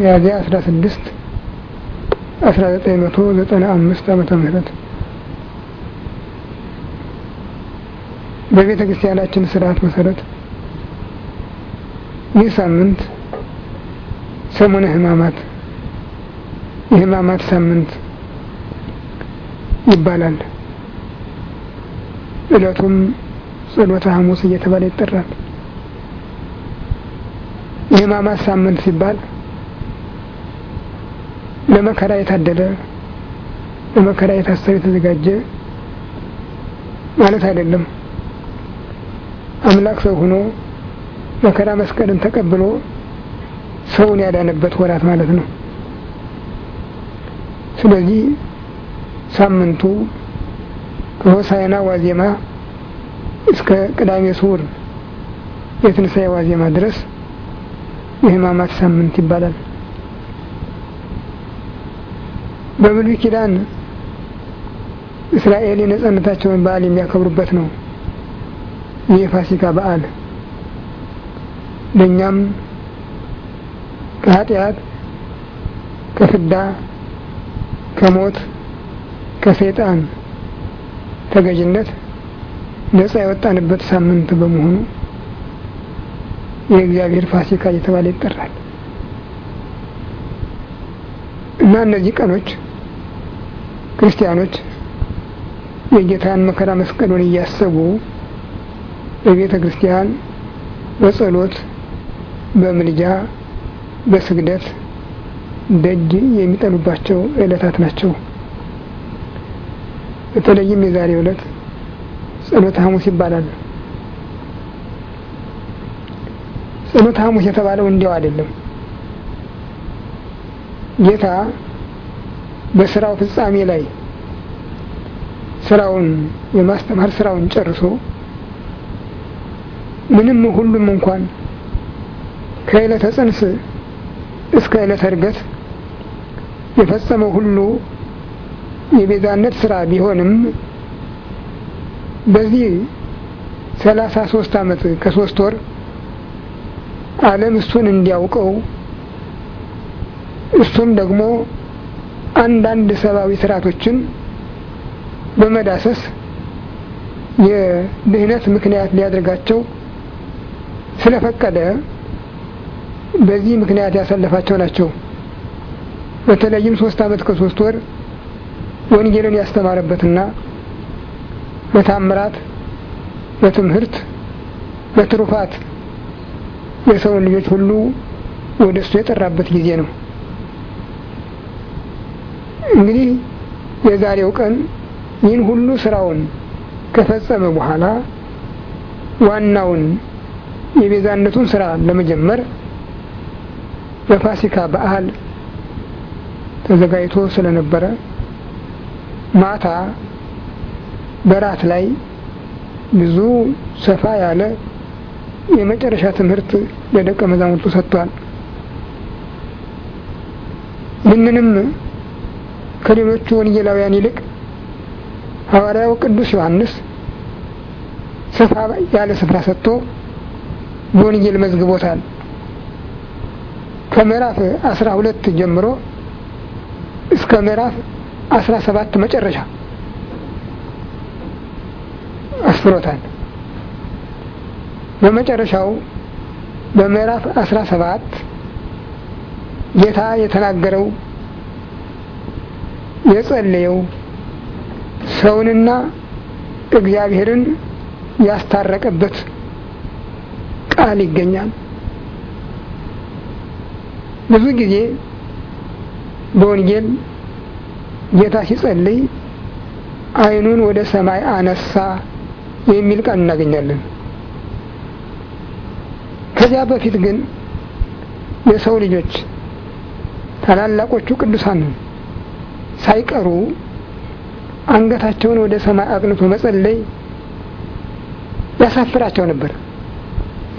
ሚያዝያ 16 1995 ዓመተ ምህረት በቤተ ክርስቲያናችን ስርዓት መሰረት ይህ ሳምንት ሰሙነ ህማማት የህማማት ሳምንት ይባላል። እለቱም ጸሎተ ሐሙስ እየተባለ ይጠራል። የህማማት ሳምንት ሲባል ለመከራ የታደለ ለመከራ የታሰበ የተዘጋጀ ማለት አይደለም። አምላክ ሰው ሆኖ መከራ መስቀልን ተቀብሎ ሰውን ያዳነበት ወራት ማለት ነው። ስለዚህ ሳምንቱ ከሆሳዕና ዋዜማ እስከ ቅዳሜ ስውር የትንሣኤ ዋዜማ ድረስ የህማማት ሳምንት ይባላል። በብሉይ ኪዳን እስራኤል የነጻነታቸውን በዓል የሚያከብሩበት ነው ይህ ፋሲካ በዓል ለእኛም ከኃጢአት ከፍዳ ከሞት ከሰይጣን ተገዥነት ነጻ የወጣንበት ሳምንት በመሆኑ የእግዚአብሔር ፋሲካ እየተባለ ይጠራል እና እነዚህ ቀኖች ክርስቲያኖች የጌታን መከራ መስቀሉን እያሰቡ በቤተ ክርስቲያን በጸሎት በምልጃ በስግደት ደጅ የሚጠኑባቸው ዕለታት ናቸው። በተለይም የዛሬ ዕለት ጸሎተ ሐሙስ ይባላል። ጸሎተ ሐሙስ የተባለው እንዲያው አይደለም። ጌታ በስራው ፍጻሜ ላይ ስራውን የማስተማር ስራውን ጨርሶ ምንም ሁሉም እንኳን ከእለተ ጽንስ እስከ ዕለተ እርገት የፈጸመው ሁሉ የቤዛነት ስራ ቢሆንም በዚህ ሰላሳ ሶስት አመት ከሶስት ወር ዓለም እሱን እንዲያውቀው እሱም ደግሞ አንዳንድ ሰብአዊ ስርዓቶችን በመዳሰስ የድህነት ምክንያት ሊያደርጋቸው ስለፈቀደ በዚህ ምክንያት ያሳለፋቸው ናቸው። በተለይም ሶስት አመት ከሶስት ወር ወንጌልን ያስተማረበትና በታምራት፣ በትምህርት፣ በትሩፋት የሰውን ልጆች ሁሉ ወደ እሱ የጠራበት ጊዜ ነው። እንግዲህ የዛሬው ቀን ይህን ሁሉ ስራውን ከፈጸመ በኋላ ዋናውን የቤዛነቱን ስራ ለመጀመር በፋሲካ በዓል ተዘጋጅቶ ስለነበረ ማታ በራት ላይ ብዙ ሰፋ ያለ የመጨረሻ ትምህርት ለደቀ መዛሙርቱ ሰጥቷል። ይህንንም ከሌሎቹ ወንጌላውያን ይልቅ ሐዋርያው ቅዱስ ዮሐንስ ሰፋ ያለ ስፍራ ሰጥቶ በወንጌል መዝግቦታል። ከምዕራፍ 12 ጀምሮ እስከ ምዕራፍ 17 መጨረሻ አስፍሮታል። በመጨረሻው በምዕራፍ 17 ጌታ የተናገረው የጸለየው ሰውንና እግዚአብሔርን ያስታረቀበት ቃል ይገኛል። ብዙ ጊዜ በወንጌል ጌታ ሲጸልይ ዓይኑን ወደ ሰማይ አነሳ የሚል ቃል እናገኛለን። ከዚያ በፊት ግን የሰው ልጆች ታላላቆቹ ቅዱሳን ነው ሳይቀሩ አንገታቸውን ወደ ሰማይ አቅንቶ መጸለይ ያሳፍራቸው ነበር፣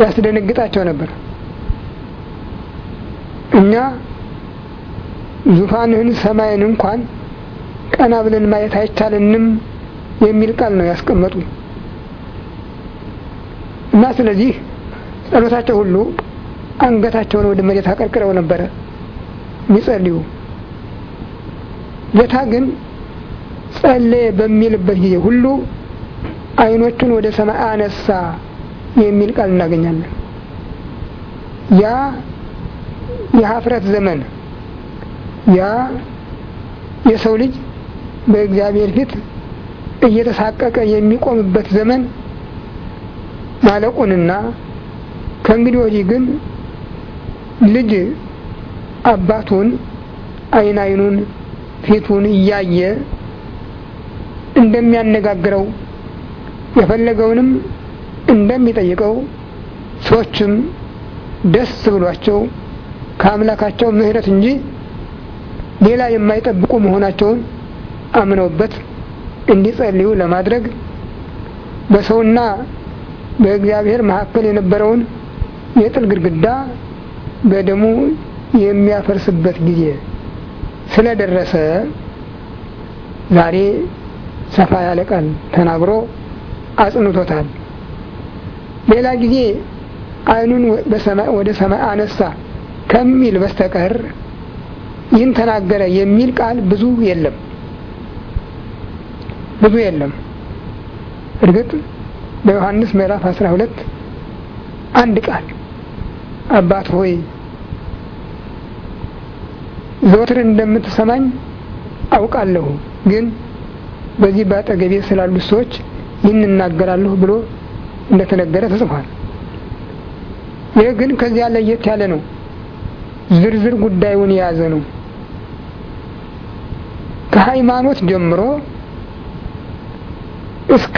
ያስደነግጣቸው ነበር። እኛ ዙፋንህን ሰማይን እንኳን ቀና ብለን ማየት አይቻልንም የሚል ቃል ነው ያስቀመጡ እና ስለዚህ ጸሎታቸው ሁሉ አንገታቸውን ወደ መሬት አቀርቅረው ነበረ የሚጸልዩ። ጌታ ግን ጸለየ በሚልበት ጊዜ ሁሉ አይኖቹን ወደ ሰማይ አነሳ የሚል ቃል እናገኛለን። ያ የሀፍረት ዘመን ያ የሰው ልጅ በእግዚአብሔር ፊት እየተሳቀቀ የሚቆምበት ዘመን ማለቁንና ከእንግዲህ ወዲህ ግን ልጅ አባቱን አይን አይኑን ፊቱን እያየ እንደሚያነጋግረው የፈለገውንም እንደሚጠይቀው ሰዎችም ደስ ብሏቸው ከአምላካቸው ምሕረት እንጂ ሌላ የማይጠብቁ መሆናቸውን አምነውበት እንዲጸልዩ ለማድረግ በሰውና በእግዚአብሔር መካከል የነበረውን የጥል ግድግዳ በደሙ የሚያፈርስበት ጊዜ ስለደረሰ ዛሬ ሰፋ ያለ ቃል ተናግሮ አጽንቶታል። ሌላ ጊዜ አይኑን ወደ ሰማይ አነሳ ከሚል በስተቀር ይህን ተናገረ የሚል ቃል ብዙ የለም ብዙ የለም። እርግጥ በዮሐንስ ምዕራፍ አስራ ሁለት አንድ ቃል አባት ሆይ ዘወትር እንደምትሰማኝ አውቃለሁ፣ ግን በዚህ በአጠገቤ ስላሉት ሰዎች ይህን እናገራለሁ ብሎ እንደተነገረ ተጽፏል። ይህ ግን ከዚያ ለየት ያለ ነው። ዝርዝር ጉዳዩን የያዘ ነው። ከሃይማኖት ጀምሮ እስከ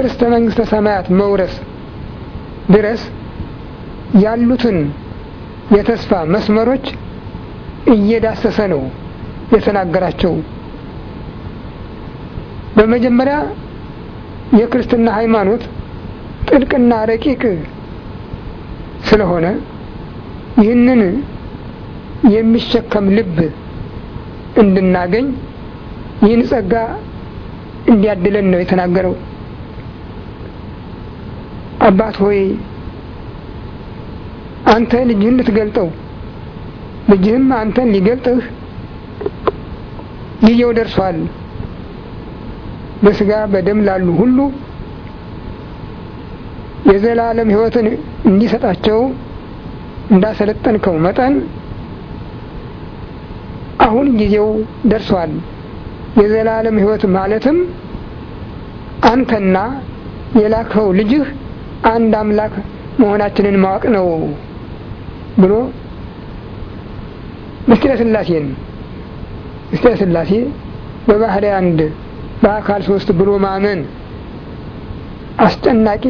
እርስተ መንግስተ ሰማያት መውረስ ድረስ ያሉትን የተስፋ መስመሮች እየዳሰሰ ነው የተናገራቸው። በመጀመሪያ የክርስትና ሃይማኖት ጥልቅና ረቂቅ ስለሆነ ይህንን የሚሸከም ልብ እንድናገኝ ይህን ጸጋ እንዲያድለን ነው የተናገረው። አባት ሆይ አንተ ልጅህን ልትገልጠው ልጅህም አንተን ሊገልጥህ ጊዜው ደርሷል። በስጋ በደም ላሉ ሁሉ የዘላለም ሕይወትን እንዲሰጣቸው እንዳሰለጠንከው መጠን አሁን ጊዜው ደርሷል። የዘላለም ሕይወት ማለትም አንተና የላከው ልጅህ አንድ አምላክ መሆናችንን ማወቅ ነው ብሎ ምስጢረ ስላሴን ምስጢረ ስላሴ በባህሪ አንድ በአካል ሶስት ብሎ ማመን አስጨናቂ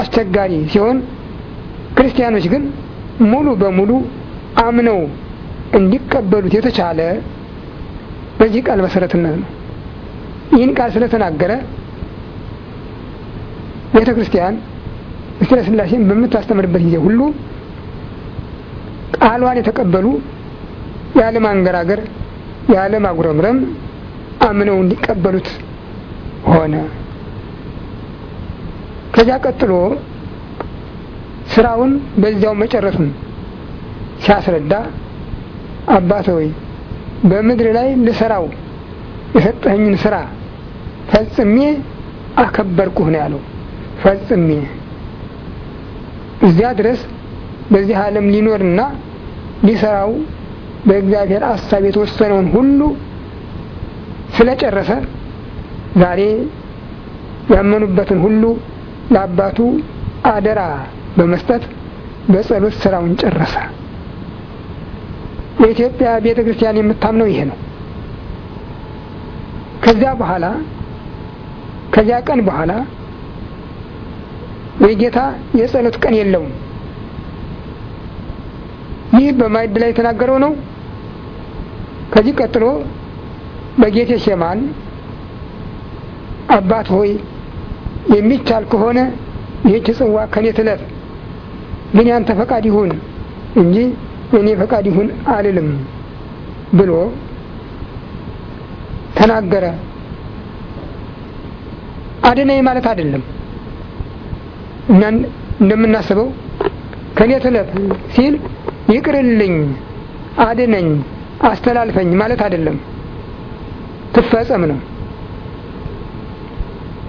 አስቸጋሪ ሲሆን ክርስቲያኖች ግን ሙሉ በሙሉ አምነው እንዲቀበሉት የተቻለ በዚህ ቃል መሰረትነት ነው። ይህን ቃል ስለተናገረ ቤተ ክርስቲያን ምስጢረ ስላሴን በምታስተምርበት ጊዜ ሁሉ ቃሏን የተቀበሉ ያለ ማንገራገር ያለ ማጉረምረም አምነው እንዲቀበሉት ሆነ። ከዚያ ቀጥሎ ስራውን በዚያው መጨረሱን ሲያስረዳ አባት ሆይ በምድር ላይ ልሰራው የሰጠኝን ስራ ፈጽሜ አከበርኩህ ነው ያለው። ፈጽሜ እዚያ ድረስ በዚህ ዓለም ሊኖርና ሊሰራው በእግዚአብሔር አሳብ የተወሰነውን ሁሉ ስለጨረሰ ዛሬ ያመኑበትን ሁሉ ለአባቱ አደራ በመስጠት በጸሎት ስራውን ጨረሰ። የኢትዮጵያ ቤተ ክርስቲያን የምታምነው ይሄ ነው። ከዚያ በኋላ ከዚያ ቀን በኋላ የጌታ የጸሎት ቀን የለውም። ይህ በማዕድ ላይ የተናገረው ነው። ከዚህ ቀጥሎ በጌቴ ሴማን አባት ሆይ የሚቻል ከሆነ ይህች ጽዋ ከኔ ትለፍ፣ ግን ያንተ ፈቃድ ይሁን እንጂ እኔ ፈቃድ ይሁን አልልም ብሎ ተናገረ። አድነኝ ማለት አይደለም እና እንደምናስበው ከኔ ትለፍ ሲል ይቅርልኝ፣ አድነኝ አስተላልፈኝ ማለት አይደለም፣ ትፈጸም ነው።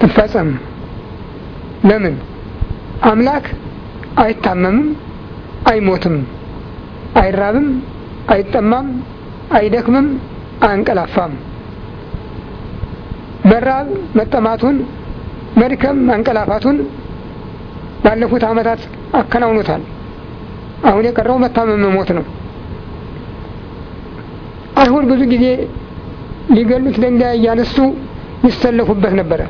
ትፈጸም ለምን? አምላክ አይታመምም፣ አይሞትም፣ አይራብም፣ አይጠማም፣ አይደክምም፣ አያንቀላፋም። መራብ መጠማቱን፣ መድከም ማንቀላፋቱን ባለፉት ዓመታት አከናውኖታል። አሁን የቀረው መታመም መሞት ነው። ብዙ ጊዜ ሊገሉት ድንጋይ እያነሱ ይሰለፉበት ነበረ።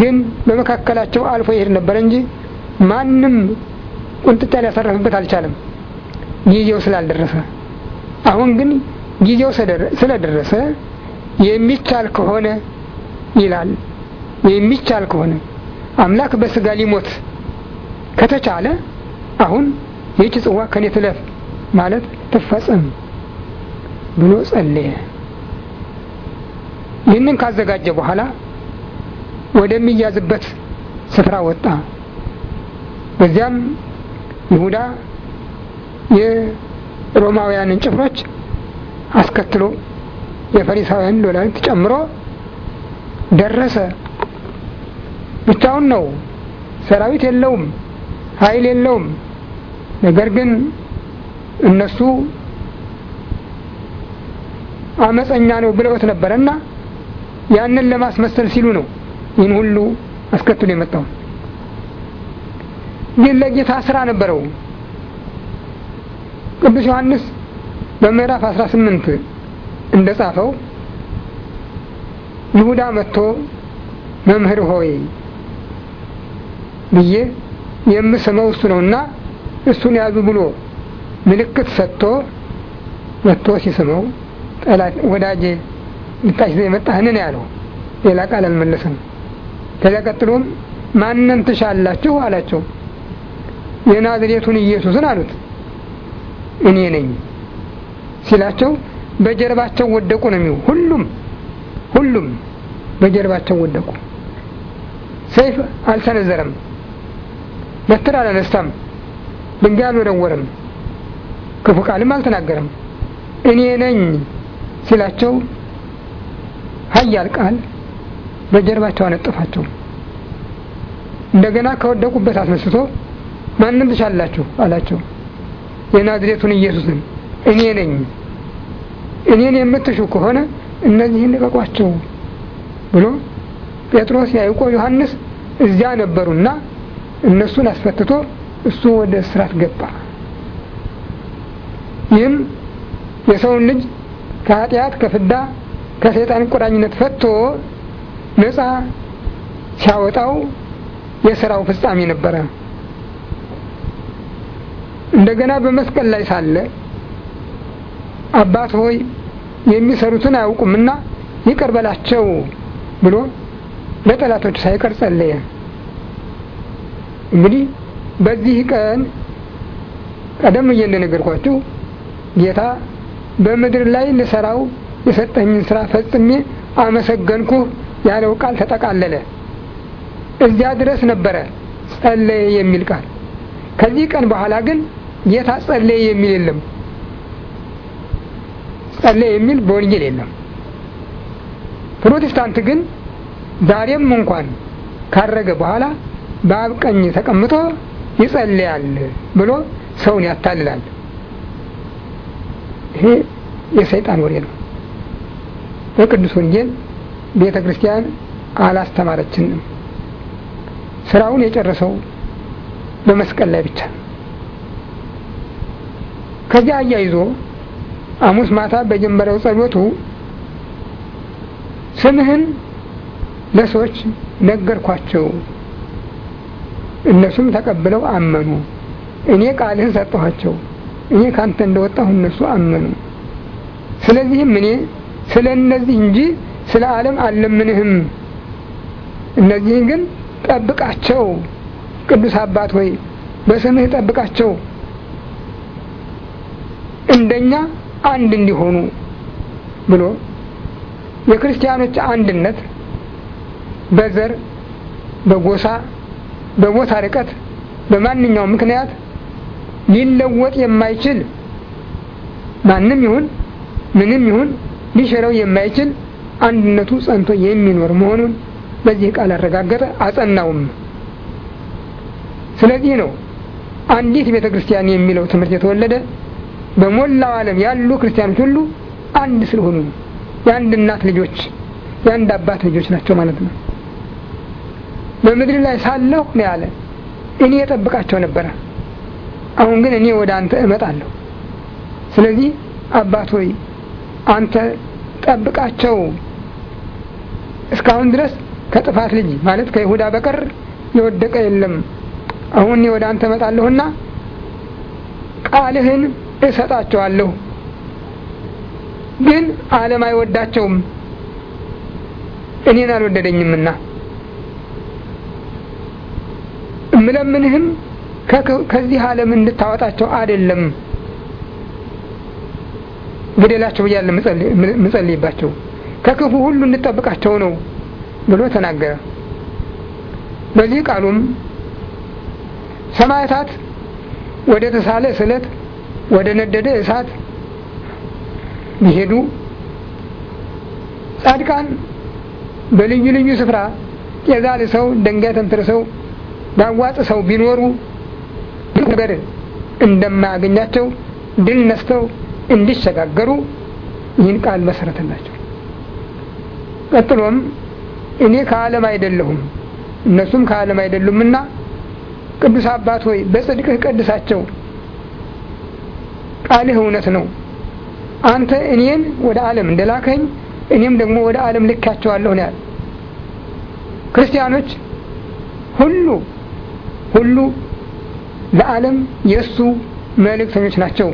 ግን በመካከላቸው አልፎ ይሄድ ነበረ እንጂ ማንም ቁንጥጫ ሊያሳረፍበት አልቻለም፣ ጊዜው ስላልደረሰ። አሁን ግን ጊዜው ስለደረሰ የሚቻል ከሆነ ይላል የሚቻል ከሆነ አምላክ በስጋ ሊሞት ከተቻለ አሁን ይህች ጽዋ ከኔ ትለፍ ማለት ትፈጸም ብሎ ጸለየ። ይህንን ካዘጋጀ በኋላ ወደሚያዝበት ስፍራ ወጣ። በዚያም ይሁዳ የሮማውያንን ጭፍሮች አስከትሎ የፈሪሳውያን ሎላዊት ጨምሮ ደረሰ። ብቻውን ነው፣ ሰራዊት የለውም፣ ኃይል የለውም። ነገር ግን እነሱ አመፀኛ ነው ብለውት እና ያንን ለማስመሰል ሲሉ ነው ይህን ሁሉ አስከትሎ የመጣው ግን ለጌታ ስራ ነበረው ቅዱስ ዮሐንስ በምዕራፍ 18 እንደጻፈው ይሁዳ መጥቶ መምህር ሆይ ብዬ የምስመው እሱ ነውና እሱን ያዙ ብሎ ምልክት ሰጥቶ መጥቶ ሲስመው ጠላት ወዳጄ ልታሽዘ የመጣህንን ያለው ሌላ ቃል አልመለሰም ከዚያ ቀጥሎም ማንን ትሻላችሁ አላቸው የናዝሬቱን ኢየሱስን አሉት እኔ ነኝ ሲላቸው በጀርባቸው ወደቁ ነው የሚሉ ሁሉም ሁሉም በጀርባቸው ወደቁ ሰይፍ አልሰነዘረም በትር አላነሳም ድንጋይ አልወረወረም ክፉ ቃልም አልተናገረም እኔ ነኝ ሲላቸው ሀያል ቃል በጀርባቸው አነጠፋቸው። እንደገና ከወደቁበት አስነስቶ ማንም ትሻላችሁ አላቸው። የናዝሬቱን ኢየሱስን እኔ ነኝ፣ እኔን የምትሹ ከሆነ እነዚህን ልቀቋቸው ብሎ ጴጥሮስ፣ ያዕቆብ፣ ዮሐንስ እዚያ ነበሩና እነሱን አስፈትቶ እሱ ወደ እስራት ገባ። ይህም የሰውን ልጅ ከኃጢአት ከፍዳ ከሰይጣን ቁራኝነት ፈቶ ነፃ ሲያወጣው የስራው ፍጻሜ ነበረ። እንደገና በመስቀል ላይ ሳለ አባት ሆይ የሚሰሩትን አያውቁምና ይቅር በላቸው ብሎ ለጠላቶች ሳይቀር ጸለየ። እንግዲህ በዚህ ቀን ቀደም ብዬ እንደነገርኳችሁ ጌታ በምድር ላይ ልሰራው የሰጠኝን ስራ ፈጽሜ አመሰገንኩህ ያለው ቃል ተጠቃለለ። እዚያ ድረስ ነበረ ጸለየ የሚል ቃል። ከዚህ ቀን በኋላ ግን ጌታ ጸለየ የሚል የለም። ጸለየ የሚል በወንጌል የለም። ፕሮቴስታንት ግን ዛሬም እንኳን ካረገ በኋላ በአብ ቀኝ ተቀምጦ ይጸለያል ብሎ ሰውን ያታልላል። ይሄ የሰይጣን ወሬ ነው። በቅዱስ ወንጌል ቤተ ክርስቲያን አላስተማረችንም። ስራውን የጨረሰው በመስቀል ላይ ብቻ። ከዚያ አያይዞ ሐሙስ ማታ በጀመረው ጸሎቱ ስምህን ለሰዎች ነገርኳቸው፣ እነሱም ተቀብለው አመኑ፣ እኔ ቃልህን ሰጠኋቸው ይሄ ካንተ እንደወጣሁ እነሱ አመኑ። ስለዚህም እኔ ስለ እነዚህ እንጂ ስለ ዓለም አልለምንህም። እነዚህን ግን ጠብቃቸው፣ ቅዱስ አባት ወይ በስምህ ጠብቃቸው፣ እንደኛ አንድ እንዲሆኑ ብሎ የክርስቲያኖች አንድነት በዘር፣ በጎሳ፣ በቦታ ርቀት፣ በማንኛውም ምክንያት ሊለወጥ የማይችል ማንም ይሁን ምንም ይሁን ሊሽረው የማይችል አንድነቱ ጸንቶ የሚኖር መሆኑን በዚህ ቃል አረጋገጠ፣ አጸናውም። ስለዚህ ነው አንዲት ቤተ ክርስቲያን የሚለው ትምህርት የተወለደ በሞላው ዓለም ያሉ ክርስቲያኖች ሁሉ አንድ ስለሆኑ የአንድ እናት ልጆች፣ የአንድ አባት ልጆች ናቸው ማለት ነው። በምድር ላይ ሳለሁ ነው ያለ እኔ የጠብቃቸው ነበረ አሁን ግን እኔ ወደ አንተ እመጣለሁ። ስለዚህ አባት ሆይ አንተ ጠብቃቸው። እስካሁን ድረስ ከጥፋት ልጅ ማለት ከይሁዳ በቀር የወደቀ የለም። አሁን እኔ ወደ አንተ እመጣለሁና ቃልህን እሰጣቸዋለሁ። ግን ዓለም አይወዳቸውም፣ እኔን አልወደደኝምና እምለምንህም ከዚህ ዓለም እንድታወጣቸው አይደለም ግደላቸው ብያለ ምጸልይባቸው ከክፉ ሁሉ እንጠብቃቸው ነው ብሎ ተናገረ። በዚህ ቃሉም ሰማያታት ወደ ተሳለ ስለት ወደ ነደደ እሳት ቢሄዱ፣ ጻድቃን በልዩ ልዩ ስፍራ ጤዛ ሰው ድንጋይ ተንትርሰው ዳዋጽ ሰው ቢኖሩ ነገር እንደማያገኛቸው ድል ነስተው እንዲሸጋገሩ ይህን ቃል መሰረተላቸው ቀጥሎም እኔ ከአለም አይደለሁም እነሱም ከዓለም አይደሉምና ቅዱስ አባት ሆይ በጽድቅህ ቀድሳቸው ቃልህ እውነት ነው አንተ እኔን ወደ አለም እንደላከኝ እኔም ደግሞ ወደ አለም ልካቸዋለሁ ነው ያለ ክርስቲያኖች ሁሉ ሁሉ ለዓለም የእሱ መልእክተኞች ናቸው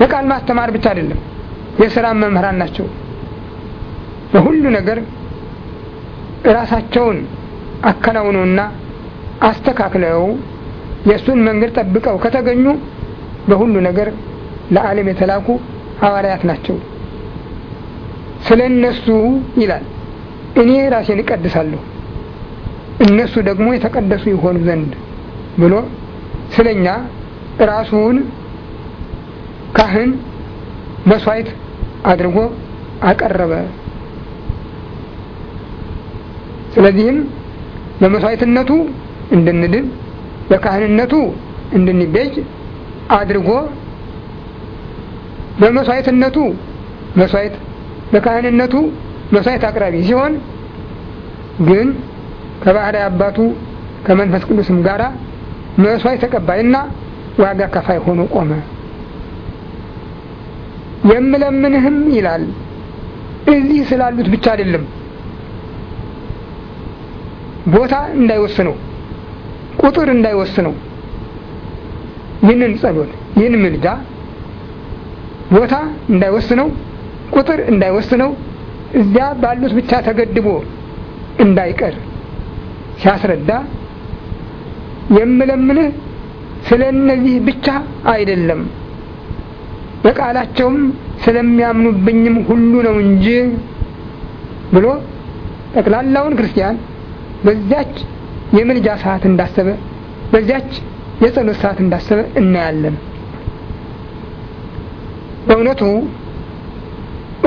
ለቃል ማስተማር ብቻ አይደለም የስራ መምህራን ናቸው በሁሉ ነገር ራሳቸውን አከናውነውና አስተካክለው የእሱን መንገድ ጠብቀው ከተገኙ በሁሉ ነገር ለዓለም የተላኩ ሐዋርያት ናቸው ስለ እነሱ ይላል እኔ ራሴን እቀድሳለሁ እነሱ ደግሞ የተቀደሱ ይሆኑ ዘንድ ብሎ ስለኛ ራሱን ካህን መስዋዕት አድርጎ አቀረበ። ስለዚህም በመስዋዕትነቱ እንድንድን በካህንነቱ እንድንቤጅ አድርጎ በመስዋዕትነቱ መስዋዕት በካህንነቱ መስዋዕት አቅራቢ ሲሆን ግን ከባህሪ አባቱ ከመንፈስ ቅዱስም ጋራ መስዋዕት ተቀባይና ዋጋ ከፋይ ሆኖ ቆመ። የምለምንህም ይላል እዚህ ስላሉት ብቻ አይደለም፣ ቦታ እንዳይወስነው፣ ቁጥር እንዳይወስነው ይህንን ጸሎት ይህን ምልጃ ቦታ እንዳይወስነው፣ ቁጥር እንዳይወስነው፣ እዚያ ባሉት ብቻ ተገድቦ እንዳይቀር ሲያስረዳ የምለምንህ ስለ እነዚህ ብቻ አይደለም በቃላቸውም ስለሚያምኑብኝም ሁሉ ነው እንጂ ብሎ ጠቅላላውን ክርስቲያን በዚያች የምልጃ ሰዓት እንዳሰበ በዚያች የጸሎት ሰዓት እንዳሰበ እናያለን። በእውነቱ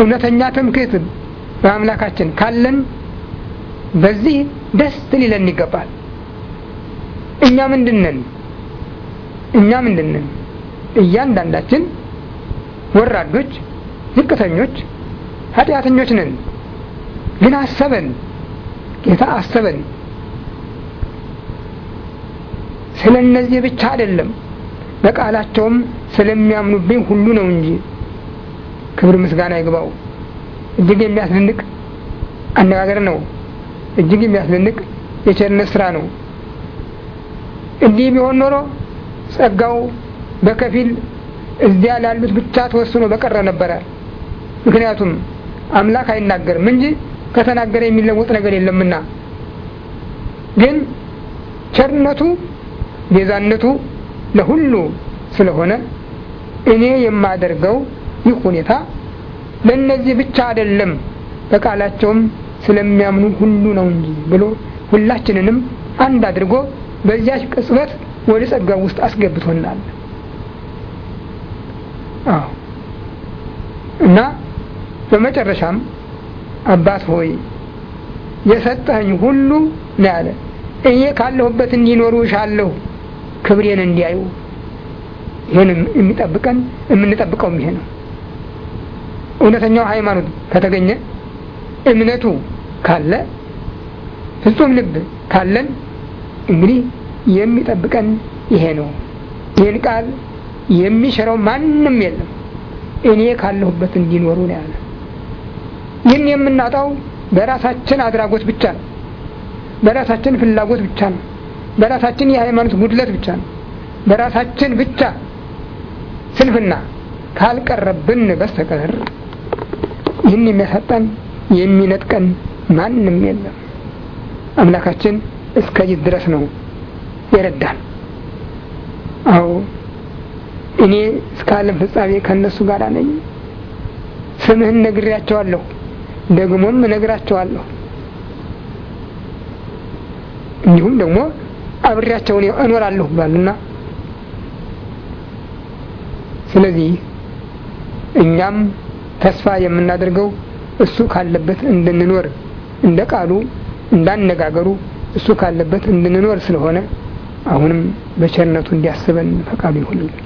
እውነተኛ ትምክህት በአምላካችን ካለን በዚህ ደስ ሊለን ይገባል። እኛ ምንድነን እኛ ምንድነን እያንዳንዳችን ወራዶች ዝቅተኞች ኃጢአተኞች ነን ግን አሰበን ጌታ አሰበን ስለ እነዚህ ብቻ አይደለም በቃላቸውም ስለሚያምኑብኝ ሁሉ ነው እንጂ ክብር ምስጋና ይግባው እጅግ የሚያስደንቅ አነጋገር ነው እጅግ የሚያስደንቅ የቸርነት ስራ ነው እንዲህ ቢሆን ኖሮ ጸጋው በከፊል እዚያ ላሉት ብቻ ተወስኖ በቀረ ነበረ። ምክንያቱም አምላክ አይናገርም እንጂ ከተናገረ የሚለወጥ ነገር የለምና። ግን ቸርነቱ ቤዛነቱ ለሁሉ ስለሆነ እኔ የማደርገው ይህ ሁኔታ ለእነዚህ ብቻ አይደለም፣ በቃላቸውም ስለሚያምኑ ሁሉ ነው እንጂ ብሎ ሁላችንንም አንድ አድርጎ በዚያች ቅጽበት ወደ ጸጋው ውስጥ አስገብቶናል። አዎ እና በመጨረሻም አባት ሆይ የሰጠኝ ሁሉ ነው ያለ። እኔ ካለሁበት እንዲኖሩ እሻለሁ፣ ክብሬን እንዲያዩ። ይህን የሚጠብቀን የምንጠብቀውም ይሄ ነው። እውነተኛው ሃይማኖት ከተገኘ እምነቱ ካለ ፍጹም ልብ ካለን እንግዲህ የሚጠብቀን ይሄ ነው። ይህን ቃል የሚሽረው ማንም የለም እኔ ካለሁበት እንዲኖሩ ነው ያለ። ይህን የምናጣው በራሳችን አድራጎት ብቻ ነው፣ በራሳችን ፍላጎት ብቻ ነው፣ በራሳችን የሃይማኖት ጉድለት ብቻ ነው፣ በራሳችን ብቻ ስንፍና ካልቀረብን በስተቀር ይህን የሚያሳጣን የሚነጥቀን ማንም የለም። አምላካችን እስከ እስከዚህ ድረስ ነው የረዳን። አዎ እኔ እስከ አለም ፍጻሜ ከእነሱ ጋር ነኝ። ስምህን ነግሬያቸዋለሁ፣ ደግሞም እነግራቸዋለሁ። እንዲሁም ደግሞ አብሬያቸውን እኖራለሁ ብሏልና ስለዚህ እኛም ተስፋ የምናደርገው እሱ ካለበት እንድንኖር እንደ ቃሉ እንዳነጋገሩ እሱ ካለበት እንድንኖር ስለሆነ አሁንም በቸርነቱ እንዲያስበን ፈቃዱ ይሁንልን።